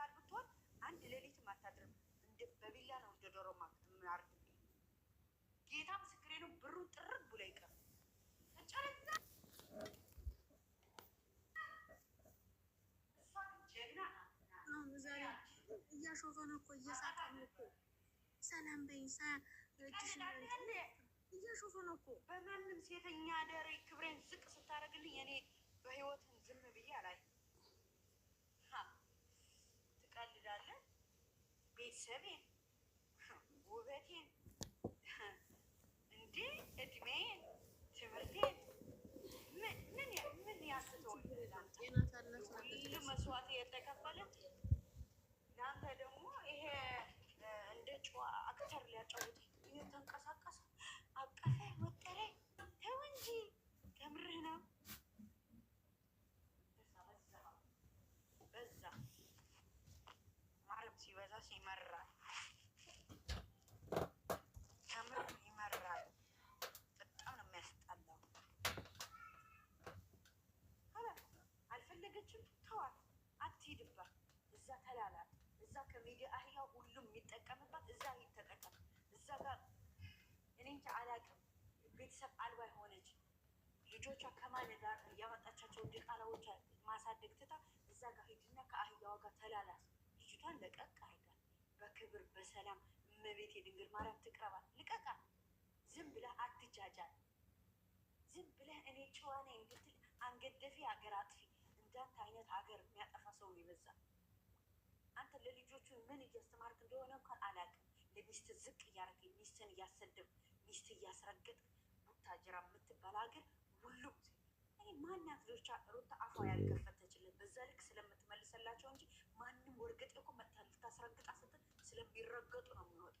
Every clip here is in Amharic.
ሆስፒታል ብትሆን አንድ ሌሊት አታድርም። በቢላ ነው እንደ ዶሮ የማርድብኝ። ጌታ ምስክሬ ነው። ብሩን ጥርግ ብሎ ይቀር ተጨረዛ እያሾፈ ነው እኮ እየሳቀ ነው እኮ ሰላም በይ እያሾፈ ነው እኮ። በማንም ሴተኛ አደሬ ክብሬን ዝቅ ስታደርግልኝ እኔ በህይወትን ዝም ብዬ አላየሁም። ቤተሰቤን ውበቴን እንዴ እድሜን ትምህርቴን ምን ያስተወል ሁሉ መስዋዕት የተከፈለ እናንተ ደግሞ ይሄ እንደ ጨዋ አክተር ሊያጫውት እየተንቀሳቀሰ አቀፈ ሚዲያ ሁሉም የሚጠቀምበት እዛ ይተጠቀም እዛ ጋር እኔ እንጃ አላውቅም። ቤተሰብ አልባ የሆነች ልጆቿ ከማን ጋር ያመጣቻቸው ዲቃላዎች ማሳደግ ትታ እዛ ጋር ሂድና ከአህያዋ ጋር ተላላስ። ልጅቷን ለቀቅ አድርጋት በክብር በሰላም እመቤት የድንግል ማርያም ትቅረባት። ልቀቃ ዝም ብለህ አትጃጃል። ዝም ብለህ እኔ ጨዋ ነኝ እንድትል አንገደፊ ሀገር አጥፊ እንዳንተ አይነት ሀገር የሚያጠፋ ሰው ይበዛል። አንተ ለልጆቹ ምን እያስተማርክ እንደሆነ እንኳን አላውቅም። ለሚስት ዝቅ እያደረግህ ሚስትን እያሰደብ ሚስት እያስረገጥ ቡታጅራ የምትባል ሀገር ሁሉም ማናት ሮቻ ሩታ አፏ ያልከፈተችልን በዛ ልክ ስለምትመልሰላቸው እንጂ ማንም ወርገጤ እኮ መታ ልታስረግጣ ስትል ስለሚረገጡ ነው የሚወጡ።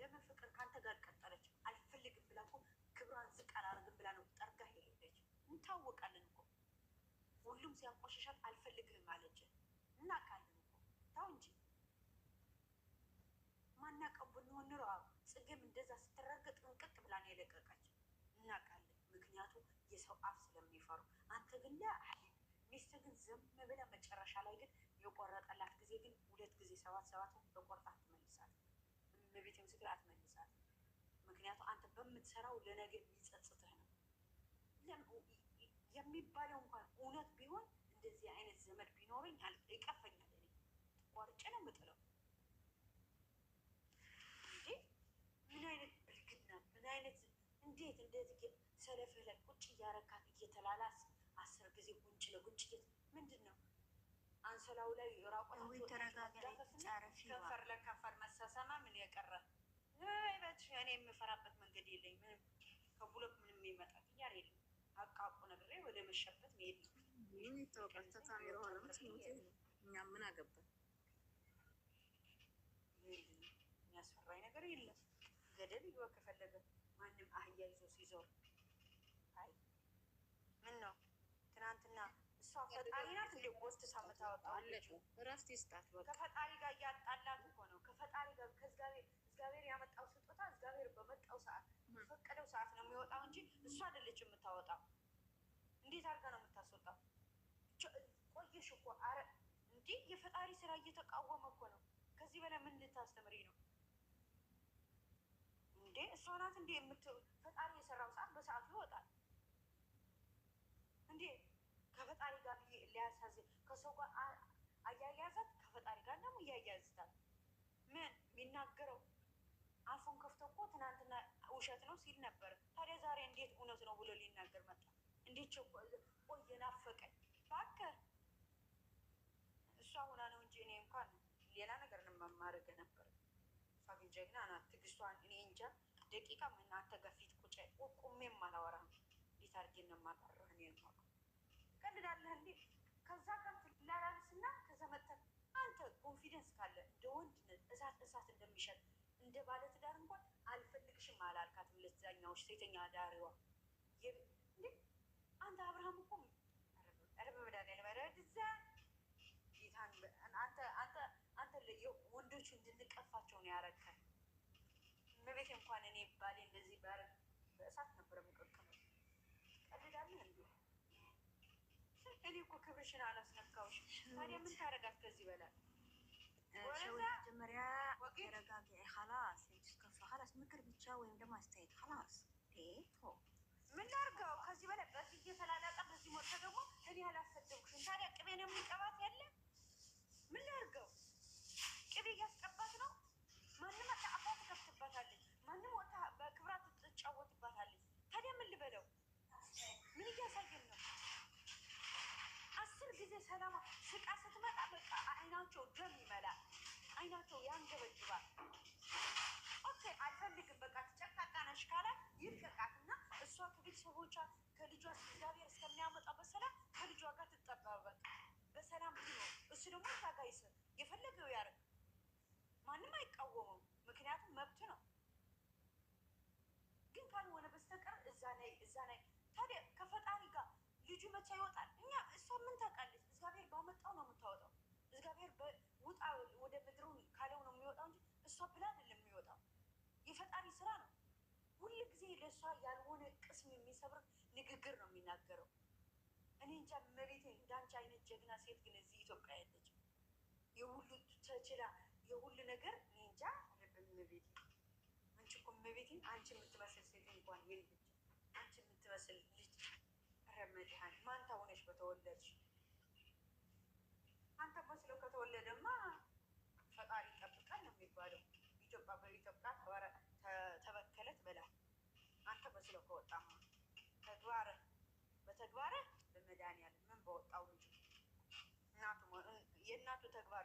ለምን ፍቅር ከአንተ ጋር ቀጠለች? አልፈልግም ብላ እኮ ክብሯን ዝቅ አላደርግም ብላ ነው ጠርጋ ሄደች። እንታወቃለን እኮ ሁሉም ሲያንቆሽሻት አልፈልግህም አለች። እናውቃለን እኮ ተው እንጂ ማናውቀው ብንሆን ኑሮ ጽጌም እንደዛ ስትረገጥ እንቅጥ ብላ ነው የለቀቀችው። እናውቃለን ምክንያቱም የሰው አፍ ስለሚፈሩ። አንተ ግን ለአል ሚስት ግን ዝም ብለህ መጨረሻ ላይ ግን የቆረጠላት ጊዜ ግን ሁለት ጊዜ ሰባት ሰባት በቆርጣ አትመልሳት፣ እመቤቴ ምስክር አትመልሳት። ምክንያቱም አንተ በምትሰራው ለነገ የሚጸጽትህ ነው የሚባለው እንኳን እውነት ቢሆን እንደዚህ አይነት ቢኖረኝ ይቀፈኛል። እኔ ቆርጬ ነው የምጥለው። እንዴ ምን አይነት ብልግና! ምን አይነት እንዴት እንደዚህ ቁጭ እያረካት እየተላላስ አስር ጊዜ ጉንጭ ለጉንጭ ምንድን ነው አንሶላው ላይ ለከንፈር መሳሳማ ምን የቀረ በት እኔ የምፈራበት መንገድ የለኝ። ምንም ምንም የለም አቃቁ ነግሬ ወደ መሸበት መሄድ ነው ምን ይታወቃል? ከካሜራ ኋላ እኛ ምን አገባል? የሚያስፈራኝ ነገር የለም። ገደል ይግባ ከፈለገ ማንም አህያ ይዞ ሲዞር አይ ምን ነው ትናንትና እሷ ፈጣሪ ናት እረፍት ይስጣት። ከፈጣሪ ጋር እያጣላት እኮ ነው። ከፈጣሪ ጋር እግዚአብሔር ያመጣው ስጦታ እግዚአብሔር በመጣው ሰዓት በፈቀደው ሰዓት ነው የሚወጣው እንጂ እሷ አይደለች የምታወጣው። እንዴት አድርጋ ነው የምታስወጣው? ቆየሽ እኮ አረ እንዴ! የፈጣሪ ስራ እየተቃወመ እኮ ነው። ከዚህ በላይ ምን ልታስተምሪ ነው እንዴ? እሷ ናት እንዴ የምት ፈጣሪ የሰራው ሰዓት በሰዓቱ ይወጣል እንዴ? ከፈጣሪ ጋር ሊያሳዝ ከሰው ጋር አያያዛት ከፈጣሪ ጋር ደግሞ እያያዝታል። ምን የሚናገረው አፉን ከፍቶ እኮ ትናንትና ውሸት ነው ሲል ነበር። ታዲያ ዛሬ እንዴት እውነት ነው ብሎ ሊናገር መጣ? እንዴት ቆየ ናፈቀኝ ፋከር እሷ ሆና ነው እንጂ እኔ እንኳን ሌላ ነገር መማረግ ነበር። እሷ ግን ጀግና ናት። ትዕግስቷን እኔ እንጃ ደቂቃ እናንተ ጋር ፊት ቁጭ ቁሜም አላወራም። እንዴት አድርጌ እንደማቀርብህ እኔ እንኳን ቀልዳለህ እንዴ? ከዛ ጋር ትላላለስና ከዛ መተን አንተ ኮንፊደንስ ካለ እንደ ወንድነት እሳት እሳት እንደሚሸጥ እንደ ባለ ትዳር እንኳን አልፈልግሽም አላልካትም። ለዛኛዎች ሴተኛ ዳሪዋ ወንዶች እንድንቀፋቸው ነው ያረካል። እመቤቴ እንኳን እኔ ባሌ እንደዚህ ባረግ በእሳት ነበር መቀቀሉ። ቀልዳለህ እንዴ? እኔ እኮ ክብርሽን አላስነካውሽ። ታዲያ ምን ታረጋት ከዚህ በላይ መጀመሪያ ተረጋጊ። ላስ ከላስ ምክር ብቻ ወይም ደግሞ አስተያየት ላስ ምን አድርገው ከዚህ በላይ በዚህ እየተላላጠ በዚህ ሞተ ደግሞ እኔ አላሰደብኩሽም። ታዲያ ነው የሚቀባት ያለ ምን አድርገው እያስቀባት ነው። ማንም አፍ ትከፍትበታለች፣ ማንም በክብራ ትጫወትባታለች። ታዲያ ምን ልበለው? ምን እያሳየን ነው? አስር ጊዜ ሰላማ ስቃ ስትመጣ በቃ አይናቸው ደም ይመላል፣ አይናቸው ያንገበጅባል ኦኬ አልፈልግም፣ በቃ ትጨቃቃ ነሽ ካላት ይልቀቃትና እሷ ከቤት ከልጇ እግዚአብሔር እስከሚያመጣ በሰላም ከልጇ ጋር ትጠባ በሰላም ትኖር። እሱ ደግሞ ታጋይ የፈለገው ያ ማንም አይቃወመውም፣ ምክንያቱም መብት ነው። ግን ካልሆነ በስተቀር እዛ ላይ እዛ ላይ ታዲያ ከፈጣሪ ጋር ልጁ መቼ ይወጣል? እኛ እሷ ምን ታውቃለች? እግዚአብሔር ባመጣው ነው የምታወጣው። እግዚአብሔር ውጣ ወደ ምድሩን ካለው ነው የሚወጣው እንጂ እሷ ብላ አይደለም የሚወጣው። የፈጣሪ ስራ ነው። ሁሉ ጊዜ ለእሷ ያልሆነ ቅስም የሚሰብር ንግግር ነው የሚናገረው። እኔ እንጃ መሬቴ እንዳንቺ አይነት ጀግና ሴት ግን እዚህ ኢትዮጵያ ያለች የሁሉ ተችላ የሁሉ ነገር እንጃ እመቤቴ አንቺ እኮ እመቤቴ አንቺ የምትመስል ሴት እንኳን የልጅ አንቺ የምትመስል ልጅ ማንታ ሆነሽ በተወለድሽ አንተ መስሎ ከተወለደማ ፈጣሪ ይጠብቃል ነው የሚባለው። ኢትዮጵያ በኢትዮጵያ ተበከለት በላ አንተ መስሎ ከወጣ ተግባረ በተግባረ በመድኃኒዓለም ምን በወጣው ልጅ እናቱ የእናቱ ተግባር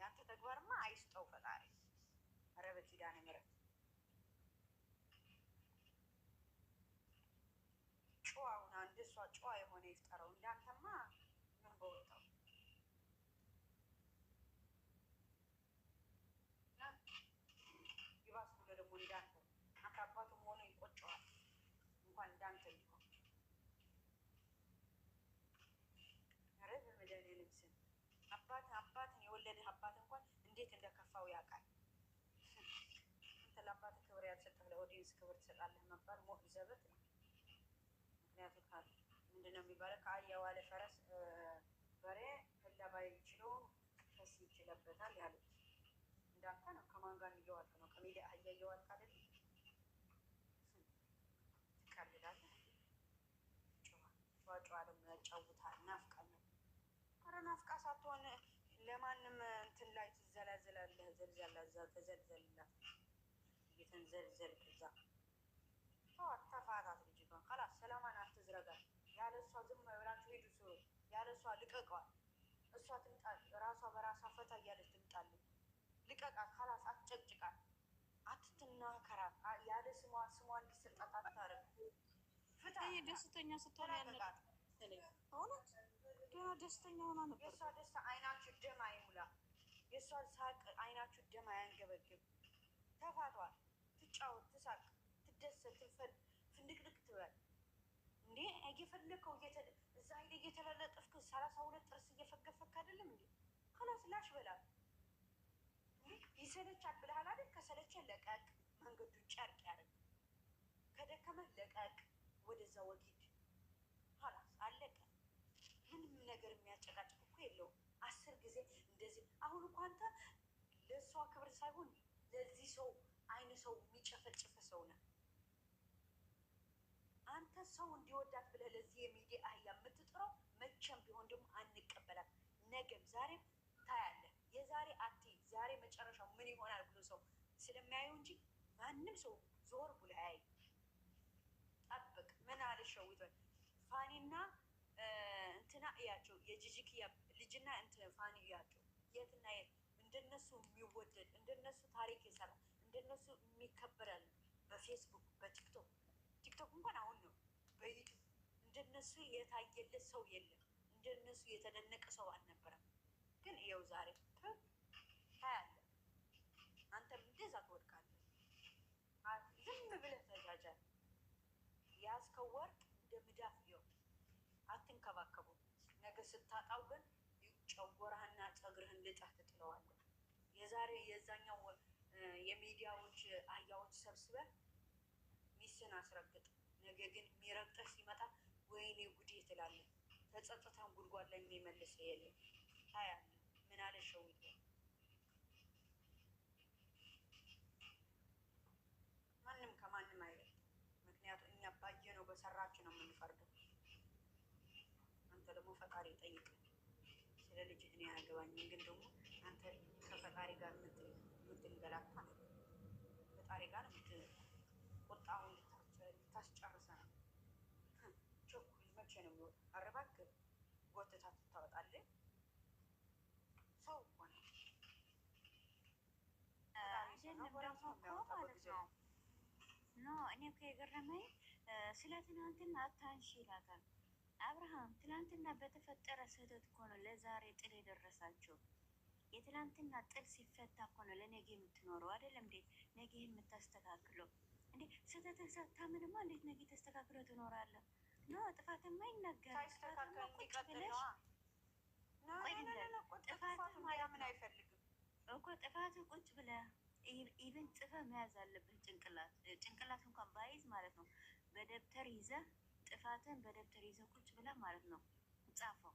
የአንተ ተግባርማ አይስጠው ፈጣሪ። ኧረ በኪዳነ ምሕረት ጨዋ ሁና ጨዋ እንዴት እንደከፋው ያውቃል። ለአባት ክብር ያልሰጠህ ለኦዲየንስ ክብር ትሰጣለህ መባል ሞት ዘበት ነው። ምክንያቱም ምንድነው የሚባለው ከአህያ ዋለ ተንዘልዘላ እዛ ተዘልዘላ እየተንዘልዘል እዛ አታፋታት ልጅቷን ካላስ ሰላማን አትዝረጋል። ያለ እሷ ዝም ብላችሁ ሂዱ ስሩ። ያለ እሷ ልቀቋል። እሷ ትምጣል ራሷ በራሷ ፈታ እያለች ትምጣለች። ልቀቃት ካላስ አትጨቅጭቃት፣ አትትናከራት። ያለ ስሟ ስሟ እንዲሰጣት አታረግ። ፍታ ደስተኛ ስትሆን ያለቃት ሆነ ደስተኛ ሆና ነበር። የእሷ ደስታ አይናችሁ ደም አይሙላ። የእሷን ሳቅ አይናችሁ ደም አያንገበግብ። ተፋቷል፣ ትጫወት፣ ትሳቅ፣ ትደሰት፣ ፍንድቅድቅ ትበል። እንዴ እየፈለከው እዛ ሄደ እየተላለጠፍክ ሰላሳ ሁለት ጥርስ እየፈገፈክ አይደለም እንዴ? ከላስ ላሽ በላል ይሰለቻል ብለሃል አይደል? ከሰለቸ ለቀቅ፣ መንገዱ ጨርቅ ያደርግ። ከደከመ ለቀቅ፣ ወደዛ ወጊድ። ከላስ አለቀ። ምንም ነገር የሚያጨቃጭቅ እኮ የለውም። አስር ጊዜ እንደዚህ። አሁን እኮ አንተ ለእሷ ክብር ሳይሆን ለዚህ ሰው አይነ ሰው የሚጨፈጭፍ ሰው ነው። አንተ። ሰው እንዲወዳት ብለህ ለዚህ የሚዲያ አህያ የምትጥረው መቼም ቢሆን ደግሞ አንቀበላት። ነገም ዛሬም ታያለህ። የዛሬ አቴ ዛሬ መጨረሻው ምን ይሆናል ብሎ ሰው ስለሚያዩ እንጂ ማንም ሰው ዞር ብሎ አያይ። ጠብቅ። ምን አልሸው ይበል ፋኒና እንትና እያቸው የጂጂክያ ልጅና እንትን ፋኒ ያጡ የትና የት እንደነሱ የሚወደድ እንደነሱ ታሪክ የሰራ እንደነሱ የሚከበራል በፌስቡክ በቲክቶክ ቲክቶክ እንኳን አሁን ነው በዩቱብ እንደነሱ የታየለት ሰው የለም። እንደነሱ የተደነቀ ሰው አልነበረም። ግን ይኸው ዛሬ ታያለ። አንተም እንደዛ ትወድቃለህ። ዝም ብለህ ተጃጃል። የያዝከው ወርቅ እንደ ምዳፍ ይኸው አትንከባከቡ። ነገ ስታጣው ግን ጨጎራህና ፀጉርህን ልጠህ ትጥለዋለህ። የዛሬ የዛኛው የሚዲያዎች አያዎች ሰብስበህ ሚስን አስረግጥ። ነገ ግን የሚረግጠህ ሲመጣ ወይኔ ጉዴ ትላለህ። ተጸጥታን ጉድጓድ ላይ የሚመልስ የለም። ታያለህ። ምን አለ ሸውዬ ማንም ከማንም አይደለም። ምክንያቱም እኛ ባየነው በሰራችሁ ነው የምንፈርደው። አንተ ደግሞ ፈጣሪ ጠይቅ። ለልጅህ እኔ አያገባኝም። ግን ደግሞ አንተ ከፈጣሪ ጋር የምትንገላታ ፈጣሪ ጋር ቁጣውን ልታስጨርሰ ነው። ቸኩል መቼ ነው አረባክ ጎትታ ትታወጣለህ። ሰው እኮ ነው እኔ እኮ የገረመኝ ስለ ትናንትና አታንሺ ይላታል አብርሃም ትናንትና በተፈጠረ ስህተት እኮ ነው ለዛሬ ጥል የደረሳቸው። የትናንትና ጥል ሲፈታ እኮ ነው ለነገ የምትኖረው። አይደለም እንዴ ነገ የምታስተካክለው እንዴ? ስህተትን ሰርታ ምንማ እንዴት ነገ ተስተካክሎ ትኖራለህ? ኖ ጥፋትማ ይናገራል። እኮ ጥፋት ቁጭ ብለህ ኢብን ጽፈህ መያዝ አለብህ። ጭንቅላት ጭንቅላት እንኳን ባይዝ ማለት ነው በደብተር ይዘህ ጥፋትን በደብተር ይዘው ቁጭ ብላ ማለት ነው ጻፈው።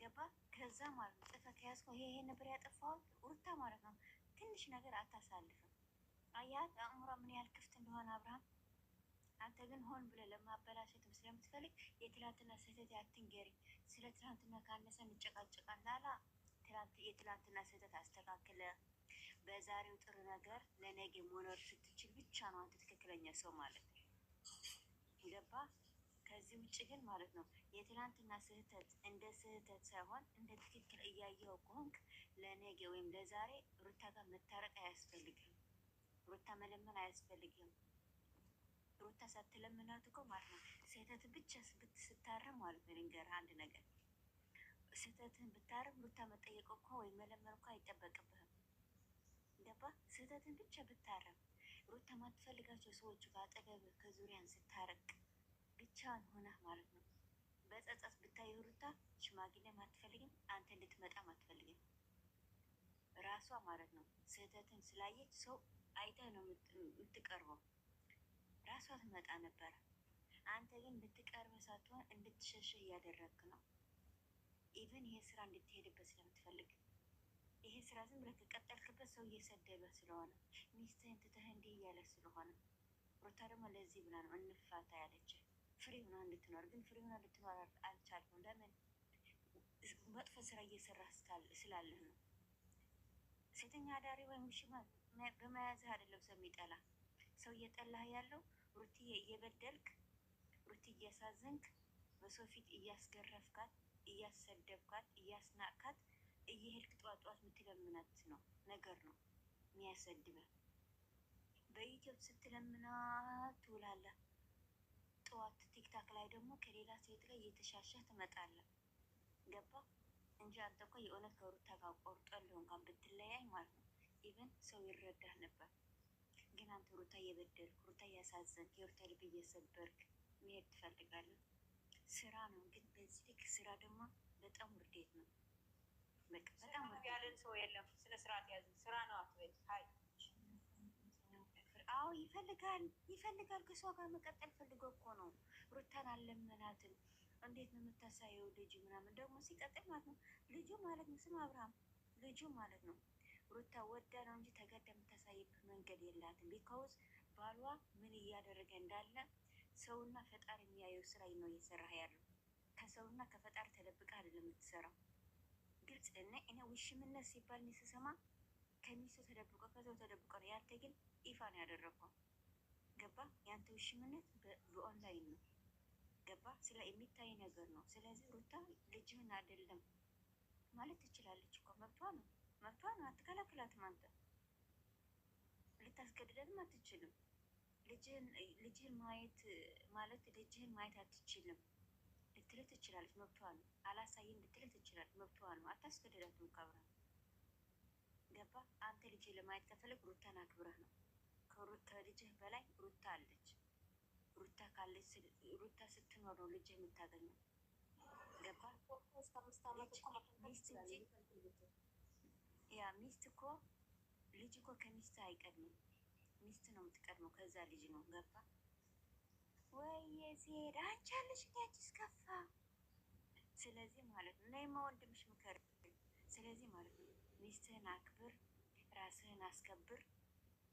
ገባ ከዛ ማለት ነው ጥፋት ከያዝከው ይሄ ይሄ ነበር ያጠፋሁት ሩታ ማለት ነው። ትንሽ ነገር አታሳልፍም። አያት አእምሯ ምን ያህል ክፍት እንደሆነ አብርሃም። አንተ ግን ሆን ብለህ ለማበላሸትም ስለምትፈልግ የትላንትና ስህተት አትንገሪኝ። ስለ ትላንትና ካነሰ እንጨቃጨቃለን አላ የትላንትና ስህተት አስተካክለ በዛሬው ጥሩ ነገር ለነገ መኖር ስትችል ብቻ ነው አንተ ትክክለኛ ሰው ማለት ነው። ገባ። ከዚህ ውጭ ግን ማለት ነው የትናንትና ስህተት እንደ ስህተት ሳይሆን እንደ ትክክል እያየው ከሆንክ ለነገ ወይም ለዛሬ ሩታ ጋር መታረቅ አያስፈልግም። ሩታ መለመን አያስፈልግም። ሩታ ሳትለምናት እኮ ማለት ነው ስህተት ብቻ ስታርም ማለት ነው። ልንገርህ አንድ ነገር ስህተትን ብታርም ሩታ መጠየቅ እኮ ወይም መለመን እኮ አይጠበቅብህም። ገባ ስህተትን ብቻ ብታርም ሩታ ማትፈልጋቸው ሰዎቹ ከአጠገብ ከዙሪያን ስታረቅ ብቻዋን ሆና ማለት ነው። በጸጸት ብታይ ሩታ ሽማግሌም አትፈልግም፣ አንተ እንድትመጣ አትፈልግም። ራሷ ማለት ነው ስህተትን ስላየች ሰው አይተ ነው የምትቀርበው። ራሷ ትመጣ ነበረ። አንተ ግን ብትቀርበ ሳትሆን እንድትሸሽህ እያደረግክ ነው። ኢቨን ይሄ ስራ እንድትሄድበት ስለምትፈልግ ይሄ ስራ ዝም ብለህ ከቀጠልክበት ሰው እየሰደበ ስለሆነ ሚስትህን ትተህ እንዲህ እያለ ስለሆነ ሩታ ደግሞ ለዚህ ብላ ነው እንፋታ ያለች። ፍሬ ሆና እንድትኖር ግን ፍሬ ሆና ልትኖር አልቻልኩም። ለምን መጥፎ ስራ እየሰራ ስላለህ ነው። ሴተኛ አዳሪ ወይም ሽማ በመያዝህ አይደለም ሰው የሚጠላ ሰው እየጠላህ ያለው ሩትዬ እየበደልክ ሩት እያሳዘንክ በሰው ፊት እያስገረፍካት፣ እያሰደብካት፣ እያስናቅካት እየሄድክ ጠዋት ጠዋት የምትለምናት ነው ነገር ነው የሚያሰድብህ። በዩቲዩብ ስትለምናት ትውላለ ጠዋት ቲክታክ ላይ ደግሞ ከሌላ ሴት ላይ እየተሻሻ ትመጣለ ገባ እንጂ አንተ እኮ የእውነት ከሩታ ጋር ቆርጠን እንኳን ብትለያይ ማለት ነው ኢቨን ሰው ይረዳህ ነበር። ግን አንተ ሩታ እየበደልክ ሩታ እያሳዘንክ የሩታ ልብ እየሰበርክ መሄድ ትፈልጋለህ። ስራ ነው ግን በዚህ ልክ ስራ ደግሞ በጣም ውርዴት ነው። ያለን ሰው የለም። ስነ ስርዓት ያዙ። ስራ ነው አትበል። አዎ ይፈልጋል ይፈልጋል። ከሷ ጋር መቀጠል ፈልጎ እኮ ነው። ሩታን አለመናትም። እንዴት ነው የምታሳየው ልጅ ምናምን ደግሞ ሲቀጥል ማለት ነው ልጁ ማለት ነው ስም አብርሃም ልጁ ማለት ነው ሩታ ወዳ ነው እንጂ ተገዳ የምታሳይበት መንገድ የላትም። ቢካውዝ ባሏ ምን እያደረገ እንዳለ ሰውና ፈጣሪ የሚያየው ስራ ነው እየሰራ ያለው። ከሰውና ከፈጣሪ ተደብቃ አይደለም የምትሰራው። ግልጽ እና እኔ ውሽምነት ሲባል ስሰማ ከሚስቱ ተደብቆ ከዛው ተደብቆ ነው። ያንተ ግን ይፋ ነው ያደረግከው። ገባ? ያንተ ውሽምነት በኦንላይን ነው። ገባ? ስለ የሚታይ ነገር ነው። ስለዚህ ሩታ ልጅህን አይደለም ማለት ትችላለች እኮ መብቷ ነው። መብቷ ነው። አትከላክላትም። አንተ ልታስገድደንም አትችልም። ልጅህን ማየት ማለት ልጅህን ማየት አትችልም። ልትገድልህ ትችላለች፣ መብቷ ነው። አላሳይም ልትልህ ትችላለች፣ መብቷ ነው። አታስገድዳትም። ገባ። አንተ ልጅ ለማየት ከፈለግ ሩታን አክብረህ ነው። ከልጅህ በላይ ሩታ አለች። ሩታ ካለች ሩታ ስትኖር ነው ልጅ የምታገኘው። ገባ። ያ ሚስት እኮ ልጅ እኮ ከሚስት አይቀድምም። ሚስት ነው የምትቀድመው፣ ከዛ ልጅ ነው። ገባ ወይዬ ሲሄድ አንቺ አለሽ ያቺ ስከፋ። ስለዚህ ማለት ነው እና የማወንድምሽ ምከር። ስለዚህ ማለት ነው ሚስትህን አክብር፣ ራስህን አስከብር።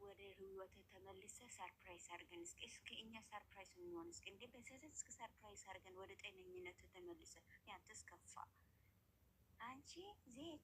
ወደ ህይወት ተመልሰ ሰርፕራይዝ አድርገን እስኪ እስኪ እኛ ሰርፕራይዝ የሚሆን እስኪ እንዴ በሰተት እስኪ ሰርፕራይዝ አድርገን ወደ ጤነኝነት ተመልሰ ያንተስ ከፋ አንቺ ዜድ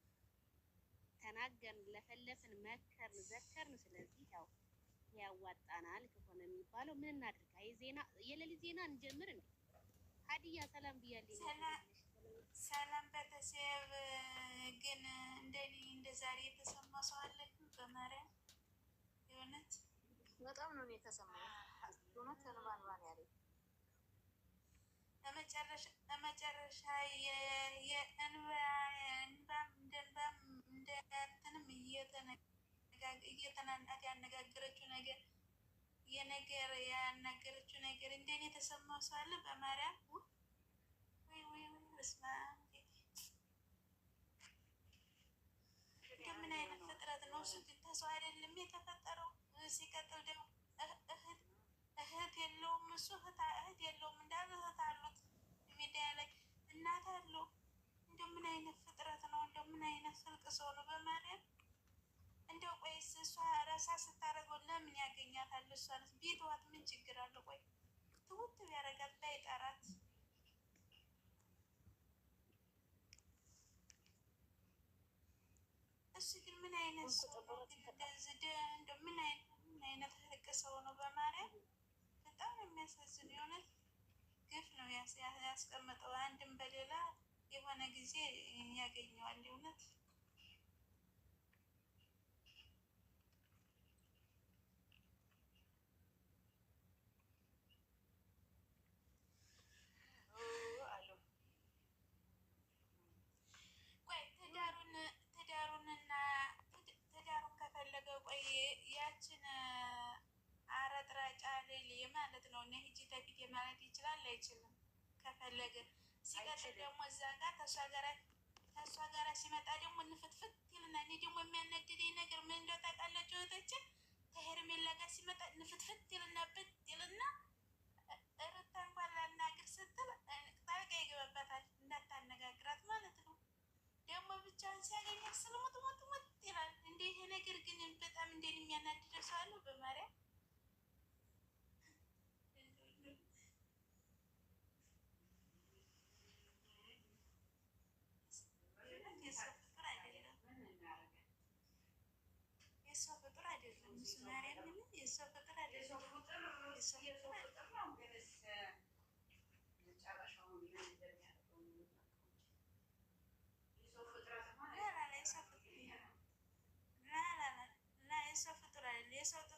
ተናገርን፣ ለፈለፍን፣ መከርን፣ ዘከርን። ስለዚህ ያው ያዋጣናል ከሆነ የሚባለው ምን እናድርግ? አይ ዜና የሌሊት ዜና እንጀምር እንዴ? ሀዲያ ሰላም ብያለሁ። ሰላም ቤተሰብ ግን እንደኔ እንደ ዛሬ የተሰማ ሰው አለችሁ? በማርያም የእውነት በጣም ነው የተሰማ እውነት ተንባልባል ያለ ለመጨረሻ ነገር የነገር ያናገረችው ነገር እንደኔ የተሰማው ሰው አለ? በማርያም ወይ ወይ ወይ በስመ አብ ምን አይነት ፍጥረት ነው? እሱ ግን ተሰው አይደለም የተፈጠረው። ሲቀጥል ደግሞ እህት የለውም እሱ እህት የለውም እንዳለ እህት አሉት ሚዲያ ላይ እናት አለው። እንደምን አይነት ፍጥረት ነው? እንደምን አይነት ስልቅ ሰው ነው? በማርያም እንደው ቆይስ እሷ ራሳ ስታደርገው ለምን ያገኛታል? እሷን ቢተዋት ምን ችግር አለ? ቆይ ትውት ቢያደርጋት ባይጠራት እሱ ግን ምን አይነት ሰው ነው? እንደው ምን አይነት ህቅ ሰው ነው? በማርያም በጣም የሚያሳዝን የሆነት ግፍ ነው ያስቀመጠው። አንድም በሌላ የሆነ ጊዜ ያገኘዋል የእውነት ፈለግን። ሲቀጥል ደግሞ እዛ ጋር ከእሷ ጋር ሲመጣ ደግሞ እንፍትፍት ይልና እኔ ደግሞ የሚያናድደኝ ነገር ምን እንደው ታውቃላችሁ? ከሄርሜላ ጋር ሲመጣ ይልና ብት ይልና እንኳን ላናግር ስትል ጣልቃ ይገባባታል። እንዳታነጋግራት ማለት ነው። ደግሞ ብቻውን ሲያገኛት ስልሙት ሙት ሙት ይላል። እንደ ይሄ ነገር ግን በጣም እንደን የሚያናድደው ሰው በማርያም የሰው ፍጡር አይደለም። የሰው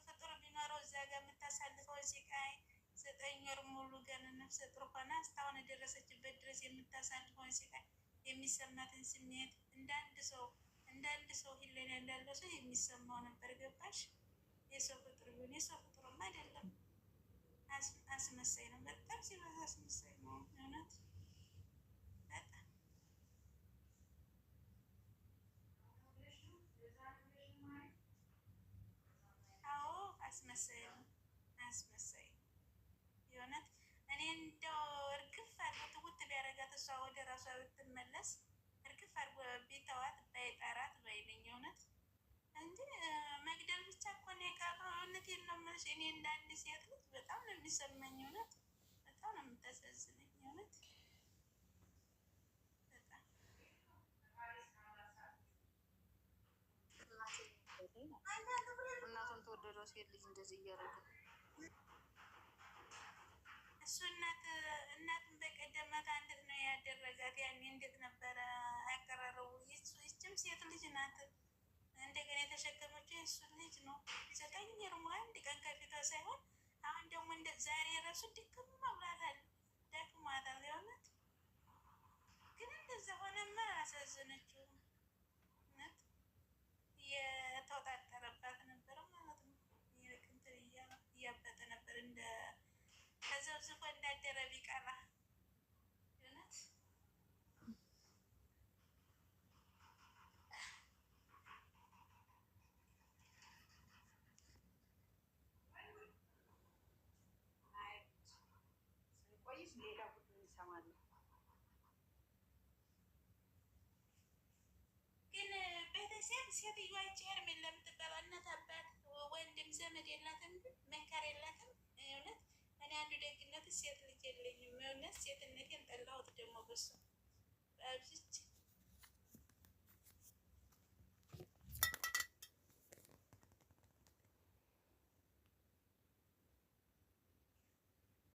ፍጡር ቢኖረው እዛ ጋር የምታሳልፈው ስቃይ ዘጠኝ ወር ሙሉ ገና ነፍሰ ጡር ሆና እስካሁን የደረሰችበት ድረስ የምታሳልፈውን ስቃይ የሚሰማትን ስሜት እንዳንድ ሰው እንዳንድ ሰው ሂለን ያላለው ሰው የሚሰማው ነበር። ገባሽ? የሰው ፍጡር ይሁን የሰው ፍጡርም አይደለም። አስመሳይ ነው። በጣም ሲበዛ አስመሳይ ነው። እውነት አዎ፣ አስመሳይ ነው። አስመሳይ የእውነት እኔ እንደው እርግፍ አድርጎ ትውት ቢያደርጋት እሷ ወደ ራሷ ብትመለስ እርግፍ አድርጎ ቢተዋት ባይጠራት ባይለኝ እውነት እንጂ መግደል ብቻ እኮ ነው የቀረው። እውነቴን ነው የምልሽ እኔ እንዳንድ ሴት ልጅ በጣም ነው የሚሰማኝ። እውነት በጣም ነው የምታሳዝነኝ። እውነት እናቱን ተወደደው ሴት ልጅ እንደዚህ እያደረገ እሱ እናት እናትን በቀደማት እንዴት ነው ያደረጋት። ያኔ እንዴት ነበረ አቀራረቡ? ይችም ሴት ልጅ ናት እንደገና የተሸከመችው የእሱን ልጅ ነው። ዘጠኝ ወር አንድ ቀን ከፊቷ ሳይሆን አሁን ደግሞ እንደ ዛሬ ራሱ ድክም ብሏታል፣ ደክሟታል። የእውነት ግን እንደዛ ሆነማ አሳዘነችው። እውነት የተወጣጠረባት ነበረ ማለት ነው። ይልቅ እንትን እያበጠ ነበር እንደ ከዘብዝፎ እንዳደረ ቢቀራ ሴት ሴትዮዋ ይቺ ሄርሜላ የምትባለው እናት አባት ወንድም ዘመድ የላትም፣ መካር የላትም። እውነት እኔ አንዱ ደግነት ሴት ልጅ የለኝም። እውነት ሴትነቴን ጠላሁት ደግሞ በሷ በብዝች